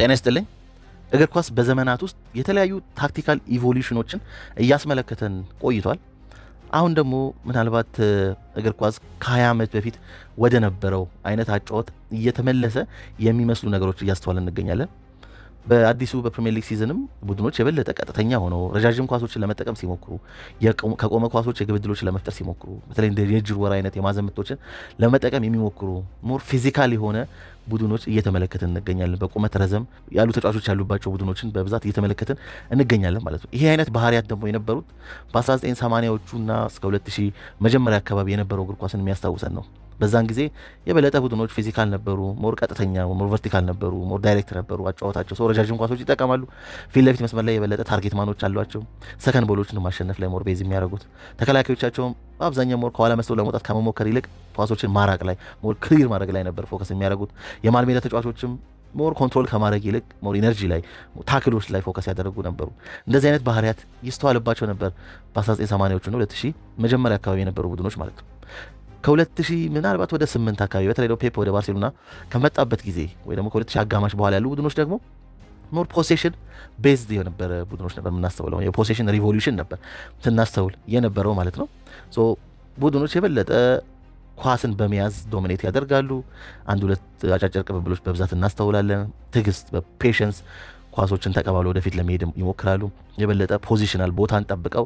ጤና ይስጥልኝ። እግር ኳስ በዘመናት ውስጥ የተለያዩ ታክቲካል ኢቮሉሽኖችን እያስመለከተን ቆይቷል። አሁን ደግሞ ምናልባት እግር ኳስ ከ20 ዓመት በፊት ወደ ነበረው አይነት አጫወት እየተመለሰ የሚመስሉ ነገሮች እያስተዋል እንገኛለን። በአዲሱ በፕሪሚየር ሊግ ሲዝንም ቡድኖች የበለጠ ቀጥተኛ ሆነው ረዣዥም ኳሶችን ለመጠቀም ሲሞክሩ፣ ከቆመ ኳሶች የግብ ዕድሎችን ለመፍጠር ሲሞክሩ፣ በተለይ እንደ የእጅር ወር አይነት የማዕዘን ምቶችን ለመጠቀም የሚሞክሩ ሞር ፊዚካል የሆነ ቡድኖች እየተመለከትን እንገኛለን። በቁመት ረዘም ያሉ ተጫዋቾች ያሉባቸው ቡድኖችን በብዛት እየተመለከትን እንገኛለን ማለት ነው። ይሄ አይነት ባህሪያት ደግሞ የነበሩት በ1980ዎቹና እስከ 2000 መጀመሪያ አካባቢ የነበረው እግር ኳስን የሚያስታውሰን ነው። በዛን ጊዜ የበለጠ ቡድኖች ፊዚካል ነበሩ፣ ሞር ቀጥተኛ፣ ሞር ቨርቲካል ነበሩ፣ ሞር ዳይሬክት ነበሩ አጫወታቸው። ሰው ረጃጅም ኳሶች ይጠቀማሉ። ፊት ለፊት መስመር ላይ የበለጠ ታርጌት ማኖች አሏቸው። ሰከንድ ቦሎችን ማሸነፍ ላይ ሞር ቤዝ የሚያደርጉት ተከላካዮቻቸውም በአብዛኛው ሞር ከኋላ መስሎ ለመውጣት ከመሞከር ይልቅ ኳሶችን ማራቅ ላይ ሞር ክሊር ማድረግ ላይ ነበር ፎከስ የሚያደርጉት። የመሃል ሜዳ ተጫዋቾችም ሞር ኮንትሮል ከማድረግ ይልቅ ሞር ኢነርጂ ላይ ታክሎች ላይ ፎከስ ያደረጉ ነበሩ። እንደዚህ አይነት ባህሪያት ይስተዋልባቸው ነበር በ 1980 ነው 2000 መጀመሪያ አካባቢ የነበሩ ቡድኖች ማለት ነው። ከ2000 ምናልባት ወደ 8 አካባቢ በተለይ ደግሞ ፔፕ ወደ ባርሴሎና ከመጣበት ጊዜ ወይ ደግሞ ከ2000 አጋማሽ በኋላ ያሉ ቡድኖች ደግሞ ሞር ፖሴሽን ቤዝድ የነበረ ቡድኖች ነበር የምናስተውለው። የፖሴሽን ሪቮሉሽን ነበር ስናስተውል የነበረው ማለት ነው። ሶ ቡድኖች የበለጠ ኳስን በመያዝ ዶሚኔት ያደርጋሉ። አንድ ሁለት አጫጭር ቅብብሎች በብዛት እናስተውላለን። ትዕግስት በፔሽንስ ኳሶችን ተቀባብለው ወደፊት ለመሄድ ይሞክራሉ። የበለጠ ፖዚሽናል ቦታን ጠብቀው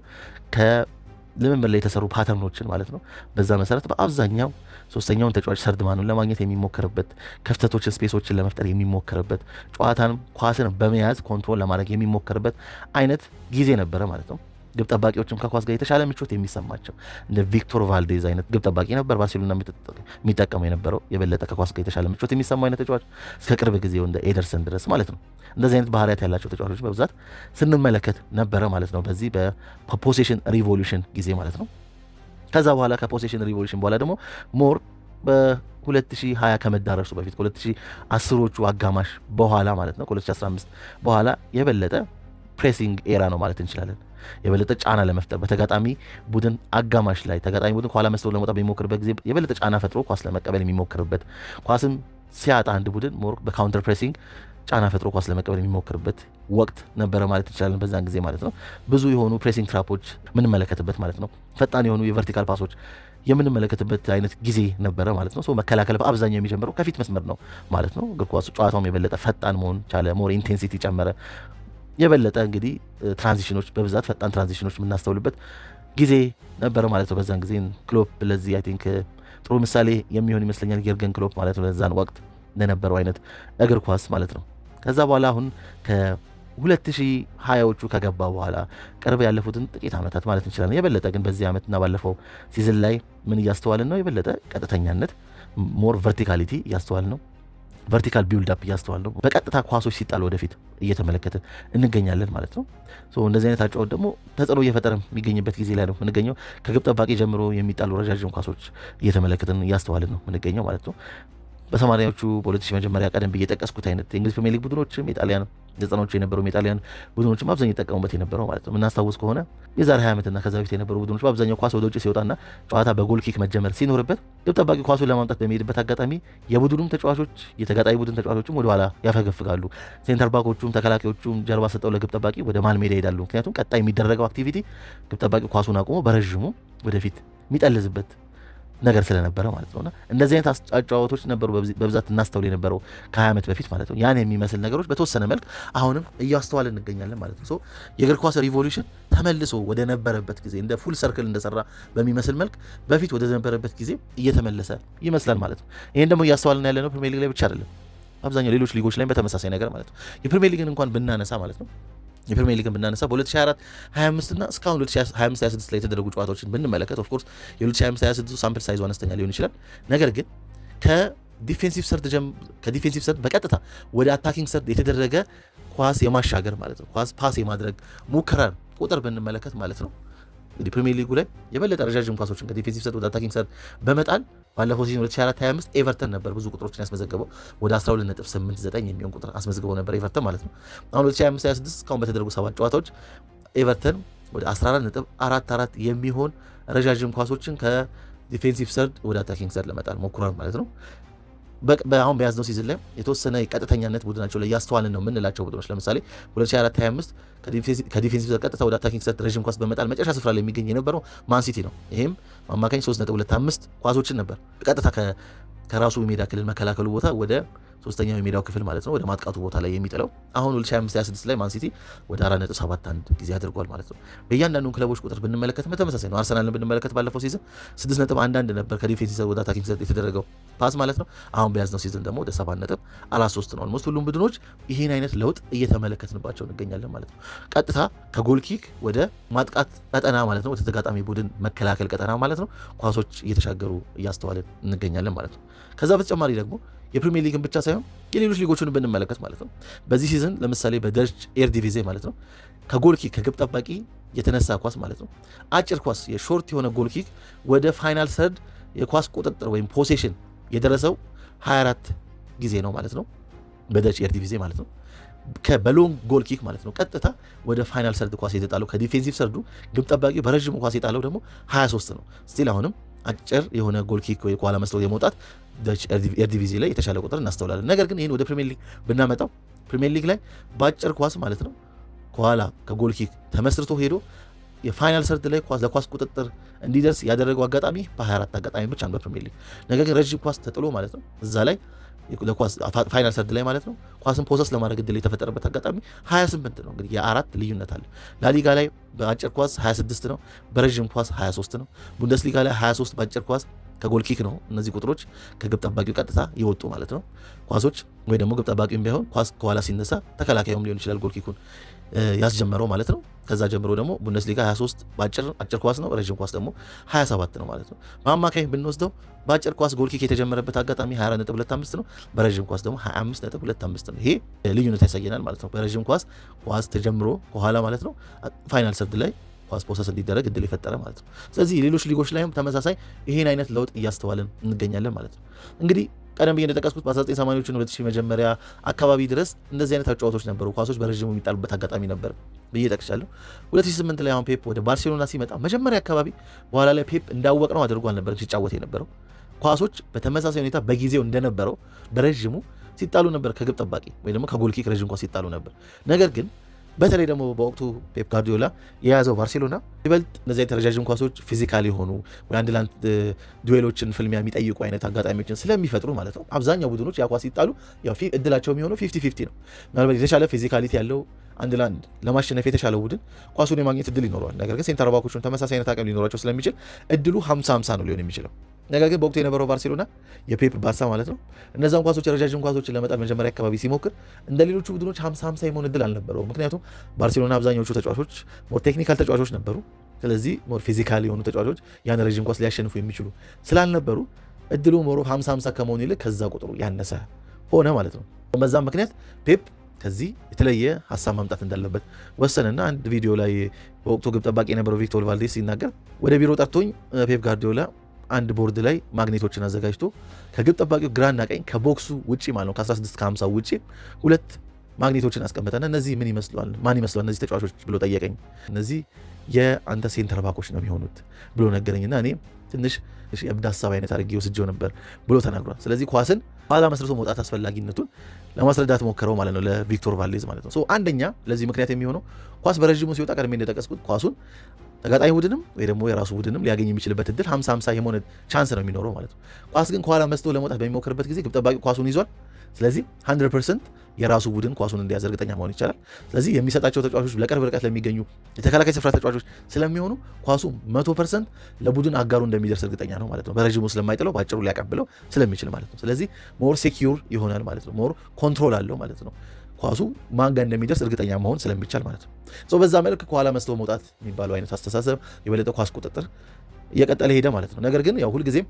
ልምምድ ላይ የተሰሩ ፓተርኖችን ማለት ነው። በዛ መሰረት በአብዛኛው ሶስተኛውን ተጫዋች ሰርድ ማኑን ለማግኘት የሚሞከርበት ክፍተቶችን፣ ስፔሶችን ለመፍጠር የሚሞከርበት ጨዋታን ኳስን በመያዝ ኮንትሮል ለማድረግ የሚሞከርበት አይነት ጊዜ ነበረ ማለት ነው። ግብ ጠባቂዎችም ከኳስ ጋር የተሻለ ምቾት የሚሰማቸው እንደ ቪክቶር ቫልዴዝ አይነት ግብ ጠባቂ ነበር ባርሴሎና የሚጠቀመው የነበረው የበለጠ ከኳስ ጋር የተሻለ ምቾት የሚሰማው አይነት ተጫዋች እስከ ቅርብ ጊዜው እንደ ኤደርሰን ድረስ ማለት ነው። እንደዚህ አይነት ባህሪያት ያላቸው ተጫዋቾች በብዛት ስንመለከት ነበረ ማለት ነው በዚህ በፖሴሽን ሪቮሉሽን ጊዜ ማለት ነው። ከዛ በኋላ ከፖሴሽን ሪቮሉሽን በኋላ ደግሞ ሞር በ2020 ከመዳረሱ በፊት ከ2010ዎቹ አጋማሽ በኋላ ማለት ነው ከ2015 በኋላ የበለጠ ፕሬሲንግ ኤራ ነው ማለት እንችላለን። የበለጠ ጫና ለመፍጠር በተጋጣሚ ቡድን አጋማሽ ላይ ተጋጣሚ ቡድን ከኋላ መስሎ ለመውጣት በሚሞክርበት ጊዜ የበለጠ ጫና ፈጥሮ ኳስ ለመቀበል የሚሞክርበት ኳስም ሲያጣ አንድ ቡድን ሞር በካውንተር ፕሬሲንግ ጫና ፈጥሮ ኳስ ለመቀበል የሚሞክርበት ወቅት ነበረ ማለት እንችላለን። በዛን ጊዜ ማለት ነው ብዙ የሆኑ ፕሬሲንግ ትራፖች የምንመለከትበት ማለት ነው። ፈጣን የሆኑ የቨርቲካል ፓሶች የምንመለከትበት አይነት ጊዜ ነበረ ማለት ነው። መከላከል በአብዛኛው የሚጀምረው ከፊት መስመር ነው ማለት ነው። እግር ኳሱ ጨዋታውም የበለጠ ፈጣን መሆን ቻለ። ሞር ኢንቴንሲቲ ጨመረ። የበለጠ እንግዲህ ትራንዚሽኖች በብዛት ፈጣን ትራንዚሽኖች የምናስተውልበት ጊዜ ነበረ ማለት ነው። በዛን ጊዜ ክሎፕ ለዚህ አይ ቲንክ ጥሩ ምሳሌ የሚሆን ይመስለኛል። የርገን ክሎፕ ማለት ነው በዛን ወቅት ለነበረው አይነት እግር ኳስ ማለት ነው። ከዛ በኋላ አሁን ከ2020ዎቹ ከገባ በኋላ ቅርብ ያለፉትን ጥቂት ዓመታት ማለት እንችላለን። የበለጠ ግን በዚህ ዓመትና ባለፈው ሲዝን ላይ ምን እያስተዋልን ነው? የበለጠ ቀጥተኛነት ሞር ቨርቲካሊቲ እያስተዋልን ነው። ቨርቲካል ቢውልድ አፕ እያስተዋል በቀጥታ ኳሶች ሲጣል ወደፊት እየተመለከትን እንገኛለን ማለት ነው። እንደዚህ አይነት አጫወት ደግሞ ተጽዕኖ እየፈጠረ የሚገኝበት ጊዜ ላይ ነው የምንገኘው። ከግብ ጠባቂ ጀምሮ የሚጣሉ ረዣዥም ኳሶች እየተመለከትን እያስተዋልን ነው የምንገኘው ማለት ነው። በሰማንያዎቹ በሁለት ሺህ መጀመሪያ ቀደም ብዬ የጠቀስኩት አይነት የእንግሊዝ ፕሪሚየር ሊግ ቡድኖችም የጣሊያን ዘጠናዎቹ የነበሩ የጣሊያን ቡድኖች አብዛኛው ይጠቀሙበት የነበረው ማለት ነው። የምናስታውስ ከሆነ የዛሬ 20 ዓመትና ከዛ በፊት የነበሩ ቡድኖች በአብዛኛው ኳስ ወደ ውጭ ሲወጣና ጨዋታ በጎል ኪክ መጀመር ሲኖርበት ግብ ጠባቂ ኳሱን ለማምጣት በሚሄድበት አጋጣሚ የቡድኑም ተጫዋቾች የተጋጣሚ ቡድን ተጫዋቾችም ወደኋላ ያፈገፍጋሉ። ሴንተር ባኮቹም ተከላካዮቹም ጀርባ ሰጠው ለግብ ጠባቂ ወደ መሃል ሜዳ ይሄዳሉ። ምክንያቱም ቀጣይ የሚደረገው አክቲቪቲ ግብ ጠባቂ ኳሱን አቁሞ በረዥሙ ወደፊት የሚጠልዝበት ነገር ስለነበረ ማለት ነውና እንደዚህ አይነት አጫዋወቶች ነበሩ በብዛት እናስተውል የነበረው ከሀያ ዓመት በፊት ማለት ነው። ያን የሚመስል ነገሮች በተወሰነ መልክ አሁንም እያስተዋል እንገኛለን ማለት ነው። የእግር ኳስ ሪቮሉሽን ተመልሶ ወደ ነበረበት ጊዜ እንደ ፉል ሰርክል እንደሰራ በሚመስል መልክ በፊት ወደ ነበረበት ጊዜ እየተመለሰ ይመስላል ማለት ነው። ይህን ደግሞ እያስተዋልን ያለነው ፕሪሚየር ሊግ ላይ ብቻ አይደለም፣ አብዛኛው ሌሎች ሊጎች ላይ በተመሳሳይ ነገር ማለት ነው። የፕሪሚየር ሊግን እንኳን ብናነሳ ማለት ነው የፕሪሚየር ሊግን ብናነሳ በ2024 25 እና እስካሁን 2025 26 ላይ የተደረጉ ጨዋታዎችን ብንመለከት ኦፍኮርስ የ2025 26 ሳምፕል ሳይዙ አነስተኛ ሊሆን ይችላል። ነገር ግን ከዲፌንሲቭ ሰርድ ከዲፌንሲቭ ሰርድ በቀጥታ ወደ አታኪንግ ሰርድ የተደረገ ኳስ የማሻገር ማለት ነው ኳስ ፓስ የማድረግ ሙከራን ቁጥር ብንመለከት ማለት ነው እንግዲህ ፕሪሚየር ሊጉ ላይ የበለጠ ረዣዥም ኳሶችን ከዲፌንሲቭ ሰርድ ወደ አታኪንግ ሰርድ በመጣል ባለፈው ሲዝን 2024/25 ኤቨርተን ነበር ብዙ ቁጥሮችን ያስመዘገበው ወደ 12.89 የሚሆን ቁጥር አስመዝግበው ነበር ኤቨርተን ማለት ነው። አሁን 2025/26 እስካሁን በተደረጉ ሰባት ጨዋታዎች ኤቨርተን ወደ 14.44 የሚሆን ረዣዥም ኳሶችን ከዲፌንሲቭ ሰርድ ወደ አታኪንግ ሰርድ ለመጣል ሞክሯል ማለት ነው። አሁን በያዝነው ሲዝን ላይ የተወሰነ ቀጥተኛነት ቡድናቸው ላይ እያስተዋልን ነው የምንላቸው ቡድኖች ለምሳሌ 2425 ከዲፌንሲቭ ቀጥታ ወደ አታኪንግ ሰት ረዥም ኳስ በመጣል መጨረሻ ስፍራ ላይ የሚገኝ የነበረው ማንሲቲ ነው። ይህም አማካኝ 3.25 ኳሶችን ነበር ቀጥታ ከራሱ ሜዳ ክልል መከላከሉ ቦታ ወደ ሶስተኛው የሜዳው ክፍል ማለት ነው ወደ ማጥቃቱ ቦታ ላይ የሚጥለው አሁን 2526 ላይ ማንሲቲ ወደ 4.71 ጊዜ አድርጓል ማለት ነው። በእያንዳንዱን ክለቦች ቁጥር ብንመለከት በተመሳሳይ ነው። አርሰናልን ብንመለከት ባለፈው ሲዝን 6.11 ነበር ከዲፌንስ ይዘት ወደ አታኪንግ ይዘት የተደረገው ፓስ ማለት ነው። አሁን በያዝነው ሲዝን ደግሞ ወደ 7.43 ነው። አልሞስት ሁሉም ቡድኖች ይህን አይነት ለውጥ እየተመለከትንባቸው እንገኛለን ማለት ነው። ቀጥታ ከጎል ኪክ ወደ ማጥቃት ቀጠና ማለት ነው፣ ወደ ተጋጣሚ ቡድን መከላከል ቀጠና ማለት ነው ኳሶች እየተሻገሩ እያስተዋልን እንገኛለን ማለት ነው። ከዛ በተጨማሪ ደግሞ የፕሪሚየር ሊግን ብቻ ሳይሆን የሌሎች ሊጎችን ብንመለከት ማለት ነው በዚህ ሲዝን ለምሳሌ በደርጅ ኤር ዲቪዜ ማለት ነው ከጎልኪክ ከግብ ጠባቂ የተነሳ ኳስ ማለት ነው አጭር ኳስ የሾርት የሆነ ጎልኪክ ወደ ፋይናል ሰርድ የኳስ ቁጥጥር ወይም ፖሴሽን የደረሰው 24 ጊዜ ነው ማለት ነው በደርጅ ኤር ዲቪዜ ማለት ነው በሎንግ ጎልኪክ ማለት ነው ቀጥታ ወደ ፋይናል ሰርድ ኳስ የተጣለው ከዲፌንሲቭ ሰርዱ ግብ ጠባቂ በረዥሙ ኳስ የጣለው ደግሞ 23 ነው ስቲል አሁንም አጭር የሆነ ጎልኪክ ወይ ከኋላ መስለው የመውጣት ኤርዲቪዚ ላይ የተሻለ ቁጥር እናስተውላለን። ነገር ግን ይህን ወደ ፕሪሚየር ሊግ ብናመጣው ፕሪሚየር ሊግ ላይ በአጭር ኳስ ማለት ነው ከኋላ ከጎልኪክ ተመስርቶ ሄዶ የፋይናል ሰርድ ላይ ኳስ ለኳስ ቁጥጥር እንዲደርስ ያደረገው አጋጣሚ በ24 አጋጣሚ ብቻ ነው በፕሪሚየር ሊግ። ነገር ግን ረዥም ኳስ ተጥሎ ማለት ነው እዛ ላይ ለኳስ ፋይናል ሰርድ ላይ ማለት ነው ኳስን ፖሰስ ለማድረግ እድል የተፈጠረበት አጋጣሚ 28 ነው። እንግዲህ የአራት ልዩነት አለ። ላሊጋ ላይ በአጭር ኳስ 26 ነው፣ በረዥም ኳስ 23 ነው። ቡንደስሊጋ ላይ 23 በአጭር ኳስ ከጎልኪክ ነው። እነዚህ ቁጥሮች ከግብ ጠባቂው ቀጥታ የወጡ ማለት ነው ኳሶች ወይ ደግሞ ግብ ጠባቂውም ቢሆን ኳስ ከኋላ ሲነሳ ተከላካዩም ሊሆን ይችላል ጎልኪኩን ያስጀመረው ማለት ነው። ከዛ ጀምሮ ደግሞ ቡንደስሊጋ 23 አጭር ኳስ ነው፣ ረዥም ኳስ ደግሞ 27 ነው ማለት ነው። በአማካይ ብንወስደው በአጭር ኳስ ጎልኪክ የተጀመረበት አጋጣሚ 24.25 ነው፣ በረዥም ኳስ ደግሞ 25.25 ነው። ይሄ ልዩነት ያሳየናል ማለት ነው። በረዥም ኳስ ኳስ ተጀምሮ ከኋላ ማለት ነው ፋይናል ሰርድ ላይ ኳስ ፕሮሰስ እንዲደረግ እድል የፈጠረ ማለት ነው። ስለዚህ ሌሎች ሊጎች ላይም ተመሳሳይ ይሄን አይነት ለውጥ እያስተዋልን እንገኛለን ማለት ነው። እንግዲህ ቀደም ብዬ እንደጠቀስኩት በ1980ዎቹ 2000 መጀመሪያ አካባቢ ድረስ እንደዚህ አይነት አጫዋቶች ነበሩ። ኳሶች በረዥሙ የሚጣሉበት አጋጣሚ ነበር ብዬ ጠቅሻለሁ። 2008 ላይ አሁን ፔፕ ወደ ባርሴሎና ሲመጣ መጀመሪያ አካባቢ በኋላ ላይ ፔፕ እንዳወቅ ነው አድርጎ አልነበር ሲጫወት የነበረው ኳሶች በተመሳሳይ ሁኔታ በጊዜው እንደነበረው በረዥሙ ሲጣሉ ነበር። ከግብ ጠባቂ ወይ ደግሞ ከጎልኪክ ረዥም ኳስ ሲጣሉ ነበር። ነገር ግን በተለይ ደግሞ በወቅቱ ፔፕ ጋርዲዮላ የያዘው ባርሴሎና ይበልጥ እነዚህ የተረጃዥም ኳሶች ፊዚካል የሆኑ ወይ አንድ ለአንድ ዱዌሎችን ፍልሚያ የሚጠይቁ አይነት አጋጣሚዎችን ስለሚፈጥሩ ማለት ነው አብዛኛው ቡድኖች ያ ኳስ ሲጣሉ እድላቸው የሚሆነው ፊፍቲ ፊፍቲ ነው። ምናልባት የተሻለ ፊዚካሊቲ ያለው አንድ ለአንድ ለማሸነፍ የተሻለ ቡድን ኳሱን የማግኘት እድል ይኖረዋል። ነገር ግን ሴንተር ባኮቹን ተመሳሳይ አይነት አቅም ሊኖራቸው ስለሚችል እድሉ 50 50 ነው ሊሆን የሚችለው። ነገር ግን በወቅቱ የነበረው ባርሴሎና የፔፕ ባሳ ማለት ነው እነዛን ኳሶች የረጃጅም ኳሶችን ለመጣል መጀመሪያ አካባቢ ሲሞክር እንደ ሌሎቹ ቡድኖች 50 50 የመሆን እድል አልነበረው። ምክንያቱም ባርሴሎና አብዛኛዎቹ ተጫዋቾች ሞር ቴክኒካል ተጫዋቾች ነበሩ። ስለዚህ ሞር ፊዚካል የሆኑ ተጫዋቾች ያን ረዥም ኳስ ሊያሸንፉ የሚችሉ ስላልነበሩ እድሉ ሞሮ 50 50 ከመሆን ይልቅ ከዛ ቁጥሩ ያነሰ ሆነ ማለት ነው። በዛም ምክንያት ፔፕ ከዚህ የተለየ ሀሳብ ማምጣት እንዳለበት ወሰንና አንድ ቪዲዮ ላይ በወቅቱ ግብ ጠባቂ የነበረው ቪክቶር ቫልዴስ ሲናገር ወደ ቢሮ ጠርቶኝ ፔፕ ጋርዲዮላ አንድ ቦርድ ላይ ማግኔቶችን አዘጋጅቶ ከግብ ጠባቂው ግራና ቀኝ ከቦክሱ ውጭ ማለት ነው ከ16 ከ50 ውጭ ሁለት ማግኔቶችን አስቀመጠና እነዚህ ምን ይመስለዋል ማን ይመስለዋል እነዚህ ተጫዋቾች ብሎ ጠየቀኝ። እነዚህ የአንተ ሴንተር ባኮች ነው የሚሆኑት ብሎ ነገረኝና እኔ ትንሽ የእብድ ሀሳብ አይነት አድርጌ ወስጄው ነበር ብሎ ተናግሯል። ስለዚህ ኳስን ባላ መስርቶ መውጣት አስፈላጊነቱን ለማስረዳት ሞከረው ማለት ነው፣ ለቪክቶር ቫሌዝ ማለት ነው። አንደኛ ለዚህ ምክንያት የሚሆነው ኳስ በረዥሙ ሲወጣ ቀድሜ እንደጠቀስኩት ኳሱን ተጋጣሚ ቡድንም ወይ ደግሞ የራሱ ቡድንም ሊያገኝ የሚችልበት እድል ሀምሳ ሀምሳ የሆነ ቻንስ ነው የሚኖረው ማለት ነው። ኳስ ግን ከኋላ መስቶ ለመውጣት በሚሞክርበት ጊዜ ግብ ኳሱን ይዟል። ስለዚህ 100 ፐርሰንት የራሱ ቡድን ኳሱን እንደያዘ እርግጠኛ መሆን ይቻላል። ስለዚህ የሚሰጣቸው ተጫዋቾች ለቅርብ ርቀት ለሚገኙ የተከላካይ ስፍራ ተጫዋቾች ስለሚሆኑ ኳሱ 100 ፐርሰንት ለቡድን አጋሩ እንደሚደርስ እርግጠኛ ነው ማለት ነው። በረዥሙ ስለማይጥለው በአጭሩ ሊያቀብለው ስለሚችል ማለት ነው። ስለዚህ ሞር ሴኪዩር ይሆናል ማለት ነው። ሞር ኮንትሮል አለው ማለት ነው። ኳሱ ማን ጋር እንደሚደርስ እርግጠኛ መሆን ስለሚቻል ማለት ነው። በዛ መልክ ከኋላ መስቶ መውጣት የሚባለው አይነት አስተሳሰብ የበለጠ ኳስ ቁጥጥር እየቀጠለ ሄደ ማለት ነው። ነገር ግን ያው ሁልጊዜም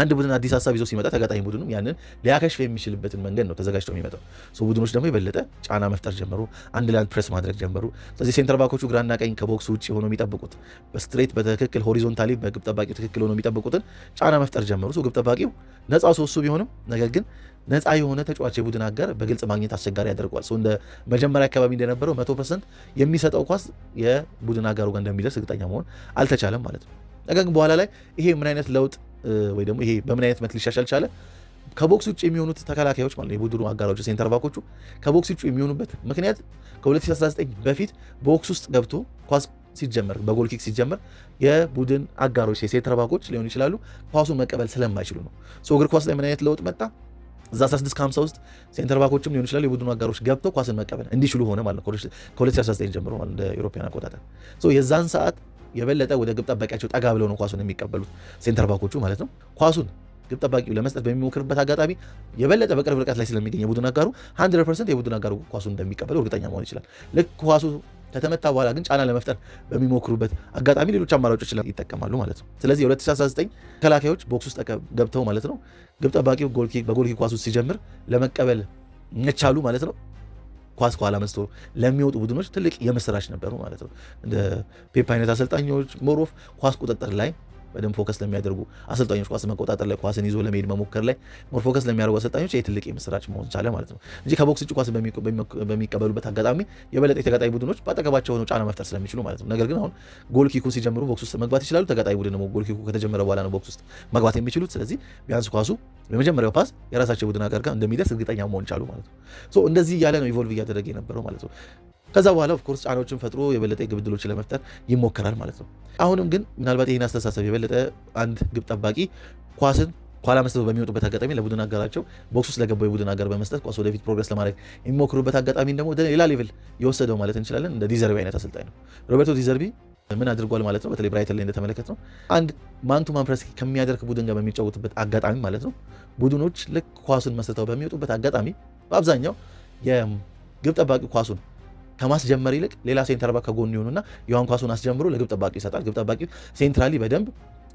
አንድ ቡድን አዲስ ሀሳብ ይዞ ሲመጣ ተጋጣሚ ቡድኑም ያንን ሊያከሽፍ የሚችልበትን መንገድ ነው ተዘጋጅተው የሚመጣው። ቡድኖች ደግሞ የበለጠ ጫና መፍጠር ጀመሩ፣ አንድ ለአንድ ፕሬስ ማድረግ ጀመሩ። ስለዚህ ሴንተር ባኮቹ ግራና ቀኝ ከቦክስ ውጭ ሆኖ የሚጠብቁት በስትሬት በትክክል ሆሪዞንታሊ በግብ ጠባቂው ትክክል ሆኖ የሚጠብቁትን ጫና መፍጠር ጀመሩ። ግብ ጠባቂው ነፃ ሶሱ ቢሆንም ነገር ግን ነፃ የሆነ ተጫዋች የቡድን አጋር በግልጽ ማግኘት አስቸጋሪ ያደርገዋል። እንደ መጀመሪያ አካባቢ እንደነበረው መቶ ፐርሰንት የሚሰጠው ኳስ የቡድን አጋሩ ጋር እንደሚደርስ እርግጠኛ መሆን አልተቻለም ማለት ነው። ነገር ግን በኋላ ላይ ይሄ ምን አይነት ለውጥ ወይ ደግሞ ይሄ በምን አይነት መልክ ሊሻሻል ቻለ? ከቦክስ ውጭ የሚሆኑት ተከላካዮች ማለት የቡድኑ አጋሮች ሴንተር ባኮቹ ከቦክስ ውጭ የሚሆኑበት ምክንያት ከ2019 በፊት ቦክስ ውስጥ ገብቶ ኳስ ሲጀመር በጎልኪክ ሲጀመር የቡድን አጋሮች የሴንተር ባኮች ሊሆኑ ይችላሉ ኳሱን መቀበል ስለማይችሉ ነው። እግር ኳስ ላይ ምን አይነት ለውጥ መጣ? እዛ 16 50 ውስጥ ሴንተር ባኮችም ሊሆኑ ይችላሉ የቡድኑ አጋሮች ገብተው ኳስን መቀበል እንዲችሉ ሆነ ማለት ከ2019 ጀምሮ ማለት እንደ ኤሮፓያን አቆጣጠር የዛን ሰዓት የበለጠ ወደ ግብ ጠባቂያቸው ጠጋ ብለው ነው ኳሱን የሚቀበሉት፣ ሴንተር ባኮቹ ማለት ነው። ኳሱን ግብ ጠባቂው ለመስጠት በሚሞክርበት አጋጣሚ የበለጠ በቅርብ ርቀት ላይ ስለሚገኝ የቡድን አጋሩ 100 የቡድን አጋሩ ኳሱን እንደሚቀበለው እርግጠኛ መሆን ይችላል። ልክ ኳሱ ከተመታ በኋላ ግን ጫና ለመፍጠር በሚሞክሩበት አጋጣሚ ሌሎች አማራጮች ይጠቀማሉ ማለት ነው። ስለዚህ የ2019 ተከላካዮች ቦክስ ውስጥ ገብተው ማለት ነው ግብ ጠባቂው በጎልኪ ኳሱ ሲጀምር ለመቀበል መቻሉ ማለት ነው ኳስ ከኋላ መስቶ ለሚወጡ ቡድኖች ትልቅ የምስራች ነበሩ ማለት ነው። እንደ ፔፕ አይነት አሰልጣኞች ሞሮፍ ኳስ ቁጥጥር ላይ በደንብ ፎከስ ለሚያደርጉ አሰልጣኞች ኳስ መቆጣጠር ላይ ኳስን ይዞ ለመሄድ መሞከር ላይ ሞር ፎከስ ለሚያደርጉ አሰልጣኞች ይህ ትልቅ የምስራች መሆን ቻለ ማለት ነው እንጂ ከቦክስ እጭ ኳስ በሚቀበሉበት አጋጣሚ የበለጠ የተጋጣሚ ቡድኖች በአጠገባቸው ሆነው ጫና መፍጠር ስለሚችሉ ማለት ነው። ነገር ግን አሁን ጎል ኪኩ ሲጀምሩ ቦክስ ውስጥ መግባት ይችላሉ። ተጋጣሚ ቡድን ደግሞ ጎል ኪኩ ከተጀመረ በኋላ ነው ቦክስ ውስጥ መግባት የሚችሉት። ስለዚህ ቢያንስ ኳሱ የመጀመሪያው ፓስ የራሳቸው ቡድን ሀገር ጋር እንደሚደርስ እርግጠኛ መሆን ቻሉ ማለት ነው። እንደዚህ እያለ ነው ኢቮልቭ እያደረገ የነበረው ማለት ነው። ከዛ በኋላ ኦፍኮርስ ጫናዎችን ፈጥሮ የበለጠ የግብ ዕድሎችን ለመፍጠር ይሞከራል ማለት ነው። አሁንም ግን ምናልባት ይህን አስተሳሰብ የበለጠ አንድ ግብ ጠባቂ ኳስን ኋላ መስጠት በሚወጡበት አጋጣሚ ለቡድን አጋራቸው ቦክስ ውስጥ ለገባው የቡድን አጋር በመስጠት ኳስ ወደፊት ፕሮግረስ ለማድረግ የሚሞክሩበት አጋጣሚ ደግሞ ሌላ ሌቭል የወሰደው ማለት እንችላለን እንደ ዲዘርቢ አይነት አሰልጣኝ ነው ሮበርቶ ዲዘርቢ ምን አድርጓል ማለት ነው። በተለይ ብራይተን ላይ እንደተመለከት ነው አንድ ማንቱ ማንፕረስ ከሚያደርግ ቡድን ጋር በሚጫወቱበት አጋጣሚ ማለት ነው ቡድኖች ልክ ኳሱን መስርተው በሚወጡበት አጋጣሚ በአብዛኛው የግብ ጠባቂ ኳሱን ከማስጀመር ይልቅ ሌላ ሴንተር ባክ ከጎን ይሆኑና የዋን ኳሱን አስጀምሮ ለግብ ጠባቂ ይሰጣል። ግብ ጠባቂ ሴንትራሊ በደንብ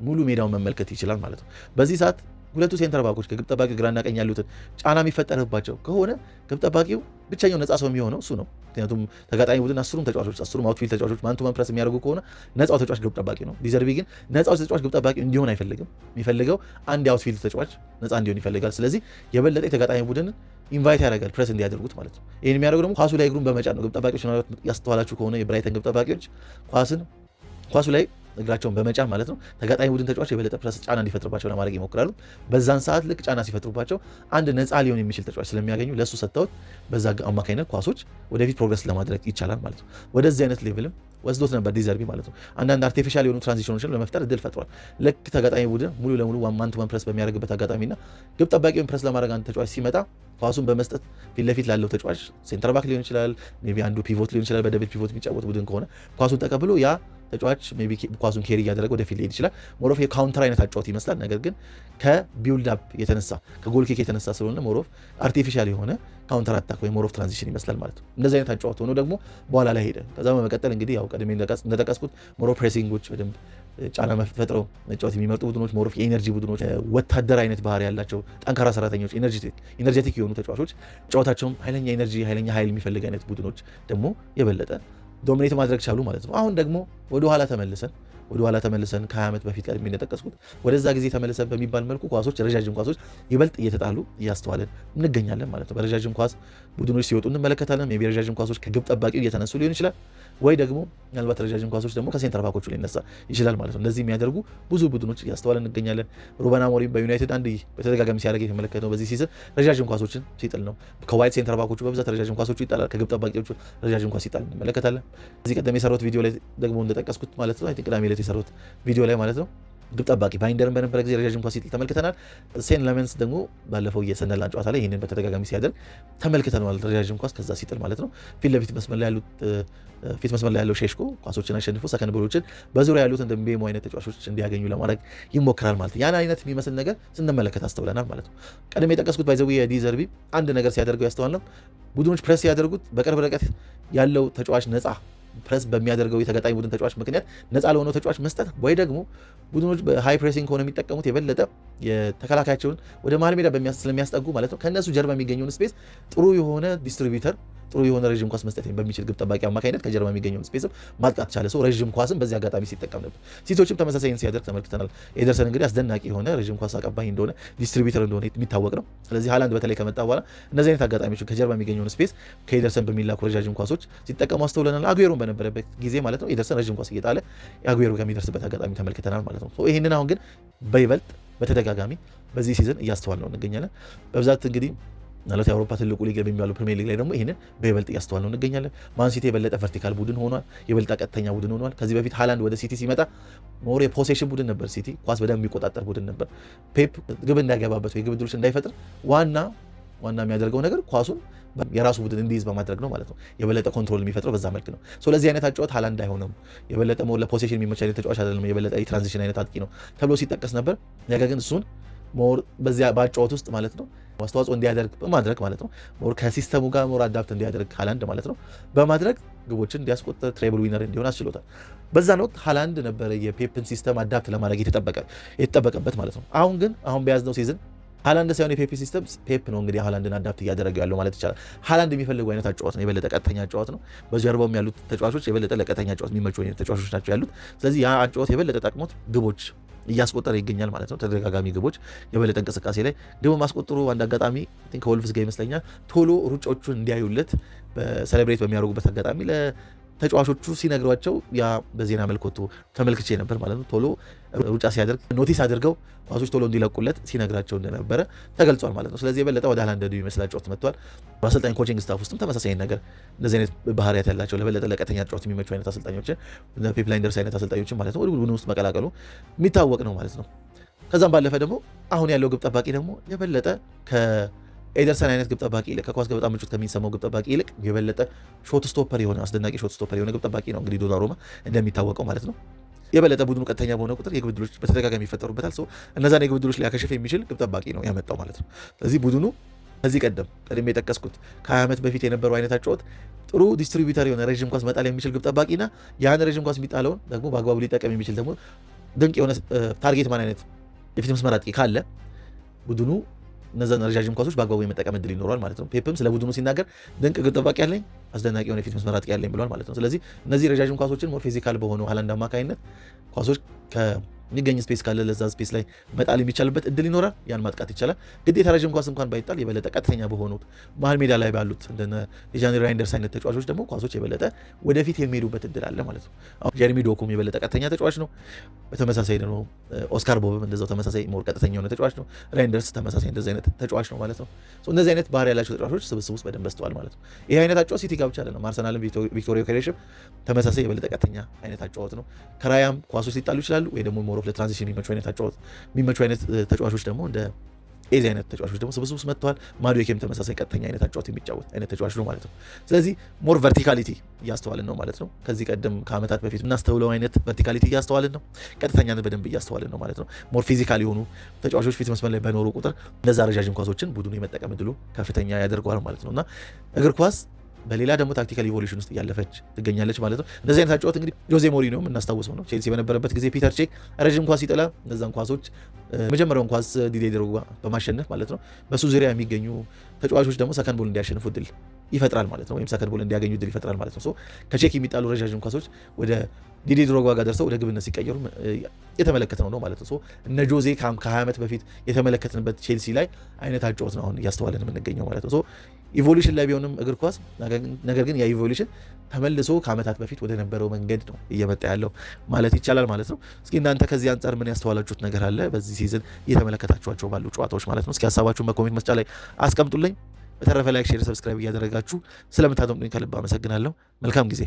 ሙሉ ሜዳውን መመልከት ይችላል ማለት ነው። በዚህ ሰዓት ሁለቱ ሴንተር ባኮች ከግብ ጠባቂው ግራና ቀኝ ያሉትን ጫና የሚፈጠርባቸው ከሆነ ግብ ጠባቂው ብቸኛው ነፃ ሰው የሚሆነው እሱ ነው። ምክንያቱም ተጋጣሚ ቡድን አስሩም ተጫዋቾች አስሩም አውትፊልድ ተጫዋቾች ማንቱ መንፕረስ የሚያደርጉ ከሆነ ነፃው ተጫዋች ግብ ጠባቂ ነው። ዲዘርቢ ግን ነፃው ተጫዋች ግብ ጠባቂ እንዲሆን አይፈልግም። የሚፈልገው አንድ የአውትፊልድ ተጫዋች ነፃ እንዲሆን ይፈልጋል። ስለዚህ የበለጠ የተጋጣሚ ቡድንን ኢንቫይት ያደርጋል ፕሬስ እንዲያደርጉት ማለት ነው። ይህን የሚያደርጉ ደግሞ ኳሱ ላይ እግሩን በመጫን ነው። ግብ ጠባቂዎች ያስተዋላችሁ ከሆነ የብራይተን ግብ ጠባቂዎች ኳስን ኳሱ ላይ እግራቸውን በመጫን ማለት ነው ተጋጣሚ ቡድን ተጫዋች የበለጠ ፕረስ ጫና እንዲፈጥርባቸው ለማድረግ ይሞክራሉ። በዛን ሰዓት ልክ ጫና ሲፈጥሩባቸው አንድ ነፃ ሊሆን የሚችል ተጫዋች ስለሚያገኙ ለእሱ ሰጥተውት በዛ አማካኝነት ኳሶች ወደፊት ፕሮግረስ ለማድረግ ይቻላል ማለት ነው። ወደዚህ አይነት ሌቭልም ወስዶት ነበር ዲዘርቢ ማለት ነው። አንዳንድ አርቲፊሻል የሆኑ ትራንዚሽኖችን ለመፍጠር እድል ፈጥሯል። ልክ ተጋጣሚ ቡድን ሙሉ ለሙሉ ዋን ማን ቱ ማን ፕረስ በሚያደርግበት አጋጣሚና ግብ ጠባቂውን ፕረስ ለማድረግ አንድ ተጫዋች ሲመጣ ኳሱን በመስጠት ፊት ለፊት ላለው ተጫዋች ሴንተር ባክ ሊሆን ይችላል፣ ቢ አንዱ ፒቮት ሊሆን ይችላል። በደብል ፒቮት የሚጫወት ቡድን ከሆነ ኳሱን ተቀብሎ ያ ተጫዋች ቢ ኳሱን ኬሪ እያደረገ ወደፊት ሊሄድ ይችላል። ሞሮፍ የካውንተር አይነት አጫወት ይመስላል። ነገር ግን ከቢውልድ የተነሳ ከጎልኬክ የተነሳ ስለሆነ ሞሮፍ አርቲፊሻል የሆነ ካውንተር አታክ ወይም ሞሮፍ ትራንዚሽን ይመስላል ማለት ነው። እንደዚህ አይነት አጫወት ሆኖ ደግሞ በኋላ ላይ ሄደ። ከዛ በመቀጠል እንግዲህ ያው ቀድሜ እንደጠቀስኩት ሞሮፍ ፕሬሲንጎች በደንብ ጫና መፈጥረው መጫወት የሚመርጡ ቡድኖች፣ ሞሮፍ የኤነርጂ ቡድኖች፣ ወታደር አይነት ባህሪ ያላቸው ጠንካራ ሰራተኞች፣ ኤነርጀቲክ የሆኑ ተጫዋቾች፣ ጨዋታቸውም ኃይለኛ ኤነርጂ ኃይለኛ ኃይል የሚፈልግ አይነት ቡድኖች ደግሞ የበለጠ ዶሚኔት ማድረግ ቻሉ ማለት ነው። አሁን ደግሞ ወደ ኋላ ተመልሰን ወደ ኋላ ተመልሰን ከ20 ዓመት በፊት ቀድሜ እንደጠቀስኩት ወደዛ ጊዜ ተመልሰን በሚባል መልኩ ኳሶች ረዣዥም ኳሶች ይበልጥ እየተጣሉ እያስተዋለን እንገኛለን ማለት ነው። በረዣዥም ኳስ ቡድኖች ሲወጡ እንመለከታለን። ቢ ረዣዥም ኳሶች ከግብ ጠባቂ እየተነሱ ሊሆን ይችላል፣ ወይ ደግሞ ምናልባት ረጃጅም ኳሶች ደግሞ ከሴንተር ባኮቹ ሊነሳ ይችላል ማለት ነው። እንደዚህ የሚያደርጉ ብዙ ቡድኖች እያስተዋለን እንገኛለን። ሩበን አሞሪም በዩናይትድ አንድ በተደጋጋሚ ሲያደርግ ነው። በዚህ ሲዝን ረጃጅም ኳሶችን ሲጥል ነው። ከዋይት ሴንተር ባኮቹ በብዛት ረጃጅም ኳሶቹ ይጣላል፣ ከግብ ጠባቂዎቹ ረጃጅም ኳስ ይጣል እንመለከታለን። እዚህ ቀደም የሰራሁት ቪዲዮ ላይ ደግሞ እንደጠቀስኩት ማለት ነው አይ ቅዳሜ ናቸው የሰሩት ቪዲዮ ላይ ማለት ነው። ግብ ጠባቂ ባይንደርን በነበረ ጊዜ ረዣዥም ኳስ ሲጥል ተመልክተናል። ሴን ለመንስ ደግሞ ባለፈው የሰነላን ጨዋታ ላይ ይህንን በተደጋጋሚ ሲያደርግ ተመልክተነዋል። ረዣዥም ኳስ ከዛ ሲጥል ማለት ነው። ፊት ለፊት መስመር ላይ ያሉት ፊት መስመር ላይ ያለው ሼሽኮ ኳሶችን አሸንፎ ሰከንድ ቦሎችን በዙሪያ ያሉት እንደ ቤሞ አይነት ተጫዋቾች እንዲያገኙ ለማድረግ ይሞክራል ማለት ነው። ያን አይነት የሚመስል ነገር ስንመለከት አስተውለናል ማለት ነው። ቀደም የጠቀስኩት ባይዘዊ የዲዘርቢ አንድ ነገር ሲያደርገው ያስተዋል ነው ቡድኖች ፕሬስ ሲያደርጉት በቅርብ ርቀት ያለው ተጫዋች ነፃ ፕረስ በሚያደርገው የተጋጣሚ ቡድን ተጫዋች ምክንያት ነፃ ለሆነው ተጫዋች መስጠት ወይ ደግሞ ቡድኖች በሃይ ፕሬሲንግ ከሆነ የሚጠቀሙት የበለጠ የተከላካያቸውን ወደ መሀል ሜዳ ስለሚያስጠጉ ማለት ነው ከእነሱ ጀርባ የሚገኘውን ስፔስ ጥሩ የሆነ ዲስትሪቢተር ጥሩ የሆነ ረዥም ኳስ መስጠት በሚችል ግብ ጠባቂ አማካኝነት ከጀርባ የሚገኘውን ስፔስም ማጥቃት ቻለ። ሰው ረዥም ኳስም በዚህ አጋጣሚ ሲጠቀም ነበር። ሲቶችም ተመሳሳይን ሲያደርግ ተመልክተናል። ኤደርሰን እንግዲህ አስደናቂ የሆነ ረዥም ኳስ አቀባይ እንደሆነ፣ ዲስትሪቢተር እንደሆነ የሚታወቅ ነው። ስለዚህ ሀላንድ በተለይ ከመጣ በኋላ እነዚህ አይነት አጋጣሚዎች ከጀርባ የሚገኘውን ስፔስ ከኤደርሰን በሚላኩ ረዣዥም ኳሶች ሲጠቀሙ አስተውለናል። አጉዌሮን በነበረበት ጊዜ ማለት ነው። ኤደርሰን ረዥም ኳስ እየጣለ አጉዌሮ ከሚደርስበት አጋጣሚ ተመልክተናል ማለት ነው። ይህንን አሁን ግን በይበልጥ በተደጋጋሚ በዚህ ሲዝን እያስተዋል ነው እንገኛለን በብዛት እንግዲህ ምናልባት የአውሮፓ ትልቁ ሊግ የሚባለው ፕሪሚየር ሊግ ላይ ደግሞ ይህንን በይበልጥ እያስተዋል ነው እንገኛለን። ማንሲቲ የበለጠ ቨርቲካል ቡድን ሆኗል፣ የበለጠ ቀጥተኛ ቡድን ሆኗል። ከዚህ በፊት ሃላንድ ወደ ሲቲ ሲመጣ ሞር የፖሴሽን ቡድን ነበር። ሲቲ ኳስ በደንብ የሚቆጣጠር ቡድን ነበር። ፔፕ ግብ እንዳይገባበት ወይ ግብ ድሎች እንዳይፈጥር ዋና ዋና የሚያደርገው ነገር ኳሱን የራሱ ቡድን እንዲይዝ በማድረግ ነው ማለት ነው። የበለጠ ኮንትሮል የሚፈጥረው በዛ መልክ ነው። ለዚህ አይነት አጫወት ሃላንድ አይሆንም። የበለጠ ለፖሴሽን የሚመቻ ተጫዋች አይደለም። የበለጠ የትራንዚሽን አይነት አጥቂ ነው ተብሎ ሲጠቀስ ነበር። ነገር ግን እሱን ሞር በዚያ በአጫወት ውስጥ ማለት ነው አስተዋጽኦ እንዲያደርግ በማድረግ ማለት ነው። ሞር ከሲስተሙ ጋር ሞር አዳፕት እንዲያደርግ ሃላንድ ማለት ነው በማድረግ ግቦችን እንዲያስቆጥር ትሬብል ዊነር እንዲሆን አስችሎታል። በዛን ወቅት ሃላንድ ነበረ የፔፕን ሲስተም አዳፕት ለማድረግ የተጠበቀበት ማለት ነው። አሁን ግን አሁን በያዝነው ሲዝን ሃላንድ ሳይሆን የፔፕ ሲስተም ፔፕ ነው እንግዲህ ሃላንድን አዳፕት እያደረገ ያለው ማለት ይቻላል። ሃላንድ የሚፈልገው አይነት አጫዋት ነው፣ የበለጠ ቀጥተኛ አጫዋት ነው። በጀርባውም ያሉት ተጫዋቾች የበለጠ ለቀጥተኛ አጫዋት የሚመቹ ተጫዋቾች ናቸው ያሉት። ስለዚህ ያ አጫዋት የበለጠ ጠቅሞት ግቦች እያስቆጠረ ይገኛል ማለት ነው። ተደጋጋሚ ግቦች የበለጠ እንቅስቃሴ ላይ ደግሞ ማስቆጠሩ አንድ አጋጣሚ ከወልቭስ ጋር ይመስለኛል ቶሎ ሩጫዎቹን እንዲያዩለት ሰለብሬት በሚያደርጉበት አጋጣሚ ተጫዋቾቹ ሲነግሯቸው ያ በዜና መልክ ተመልክቼ ነበር ማለት ነው። ቶሎ ሩጫ ሲያደርግ ኖቲስ አድርገው ኳሶች ቶሎ እንዲለቁለት ሲነግራቸው እንደነበረ ተገልጿል ማለት ነው። ስለዚህ የበለጠ ወደ ሀላንድ ዱ ይመስላል ጨዋታ መጥቷል። በአሰልጣኝ ኮቺንግ ስታፍ ውስጥም ተመሳሳይ ነገር እንደዚህ አይነት ባህሪያት ያላቸው ለበለጠ ለቀተኛ ጨዋታ የሚመቹ አይነት አሰልጣኞችን ፔፕ ላይንደርስ አይነት አሰልጣኞችን ማለት ነው ወደ ቡድን ውስጥ መቀላቀሉ የሚታወቅ ነው ማለት ነው። ከዛም ባለፈ ደግሞ አሁን ያለው ግብ ጠባቂ ደግሞ የበለጠ ኤደርሰን አይነት ግብ ጠባቂ ይልቅ ከኳስ ጋር በጣም ምቾት ከሚሰማው ግብ ጠባቂ ይልቅ የበለጠ ሾት ስቶፐር የሆነ አስደናቂ ሾት ስቶፐር የሆነ ግብ ጠባቂ ነው እንግዲህ ዶናሩማ እንደሚታወቀው ማለት ነው። የበለጠ ቡድኑ ቀጥተኛ በሆነ ቁጥር የግብ ዕድሎች በተደጋጋሚ ይፈጠሩበታል። ሰው እነዛን የግብ ዕድሎች ሊያከሽፍ የሚችል ግብ ጠባቂ ነው ያመጣው ማለት ነው። ስለዚህ ቡድኑ ከዚህ ቀደም ቀድሜ የጠቀስኩት ከ20 ዓመት በፊት የነበረው አይነት አጨዋወት ጥሩ ዲስትሪቢዩተር የሆነ ረዥም ኳስ መጣል የሚችል ግብ ጠባቂና ያን ረዥም ኳስ የሚጣለውን ደግሞ በአግባቡ ሊጠቀም የሚችል ደግሞ ድንቅ የሆነ ታርጌት ማን አይነት የፊት መስመር አጥቂ ካለ ቡድኑ እነዛን ረዣዥም ኳሶች በአግባቡ የመጠቀም እድል ይኖረዋል ማለት ነው። ፔፕም ስለ ቡድኑ ሲናገር ድንቅ ግብ ጠባቂ ያለኝ፣ አስደናቂ የሆነ የፊት መስመር አጥቂ ያለኝ ብለዋል ማለት ነው። ስለዚህ እነዚህ ረዣዥም ኳሶችን ሞር ፊዚካል በሆኑ ሀላንድ አማካኝነት ኳሶች የሚገኝ ስፔስ ካለ ለዛ ስፔስ ላይ መጣል የሚቻልበት እድል ይኖራል። ያን ማጥቃት ይቻላል። ግዴታ ረዥም ኳስ እንኳን ባይጣል የበለጠ ቀጥተኛ በሆኑት መሀል ሜዳ ላይ ባሉት እንደነ ጃኒ ራይንደርስ አይነት ተጫዋቾች ደግሞ ኳሶች የበለጠ ወደፊት የሚሄዱበት እድል አለ ማለት ነው። አሁን ጀርሚ ዶኩም የበለጠ ቀጥተኛ ተጫዋች ነው። በተመሳሳይ ደግሞ ኦስካር ቦብም እንደዛው ተመሳሳይ ሞር ቀጥተኛ የሆነ ተጫዋች ነው። ራይንደርስ ተመሳሳይ እንደዚህ አይነት ተጫዋች ነው ማለት ነው። እንደዚህ አይነት ባህር ያላቸው ተጫዋቾች ስብስብ ውስጥ በደንብ በስተዋል ማለት ነው። ይህ አይነት አጫዋት ሲቲ ጋር ብቻ ነው። አርሰናልም ቪክቶሪዮ ኬሬሽም ተመሳሳይ የበለጠ ቀጥተኛ አይነት አጫዋት ነው። ከራያም ኳሶች ሊጣሉ ይችላሉ ወይ ደግሞ ኦፍ ለትራንዚሽን የሚመቹ አይነት ተጫዋቾች ደግሞ እንደ ኤዚ አይነት ተጫዋቾች ደግሞ ስብስብስ መጥተዋል። ማዱዌኬም ተመሳሳይ ቀጥተኛ አይነት አጫወት የሚጫወት አይነት ተጫዋች ነው ማለት ነው። ስለዚህ ሞር ቨርቲካሊቲ እያስተዋልን ነው ማለት ነው። ከዚህ ቀደም ከዓመታት በፊት የምናስተውለው አይነት ቨርቲካሊቲ እያስተዋልን ነው። ቀጥተኛነት በደንብ እያስተዋልን ነው ማለት ነው። ሞር ፊዚካል የሆኑ ተጫዋቾች ፊት መስመር ላይ በኖሩ ቁጥር እነዛ ረዣዥም ኳሶችን ቡድኑ የመጠቀም እድሉ ከፍተኛ ያደርገዋል ማለት ነው እና እግር ኳስ በሌላ ደግሞ ታክቲካል ኢቮሉሽን ውስጥ እያለፈች ትገኛለች ማለት ነው። እንደዚህ አይነት አጫወት እንግዲህ ጆዜ ሞሪኒዮም እናስታውሰው ነው። ቼልሲ በነበረበት ጊዜ ፒተር ቼክ ረዥም ኳስ ሲጠላ እነዛን ኳሶች መጀመሪያውን ኳስ ዲዴ ድሮግባ በማሸነፍ ማለት ነው በሱ ዙሪያ የሚገኙ ተጫዋቾች ደግሞ ሰከንድ ቦል እንዲያሸንፉ ድል ይፈጥራል ማለት ነው። ወይም ሰከት ቦል እንዲያገኙ ድል ይፈጥራል ማለት ነው። ከቼክ የሚጣሉ ረዣዥም ኳሶች ወደ ዲዲ ድሮግባ ጋር ደርሰው ወደ ግብነት ሲቀየሩ የተመለከተ ነው ማለት ነው። እነ ጆዜ ከ20 ዓመት በፊት የተመለከትንበት ቼልሲ ላይ አይነት አጫወት ነው አሁን እያስተዋለን የምንገኘው ማለት ነው። ኢቮሉሽን ላይ ቢሆንም እግር ኳስ ነገር ግን ያ ተመልሶ ከዓመታት በፊት ወደ ነበረው መንገድ ነው እየመጣ ያለው ማለት ይቻላል ማለት ነው። እስኪ እናንተ ከዚህ አንጻር ምን ያስተዋላችሁት ነገር አለ በዚህ ሲዝን እየተመለከታችኋቸው ባሉ ጨዋታዎች ማለት ነው። እስኪ ሀሳባችሁን በኮሜንት መስጫ ላይ አስቀምጡልኝ። በተረፈ ላይክ፣ ሼር፣ ሰብስክራይብ እያደረጋችሁ ስለምታደምቁኝ ከልብ አመሰግናለሁ። መልካም ጊዜ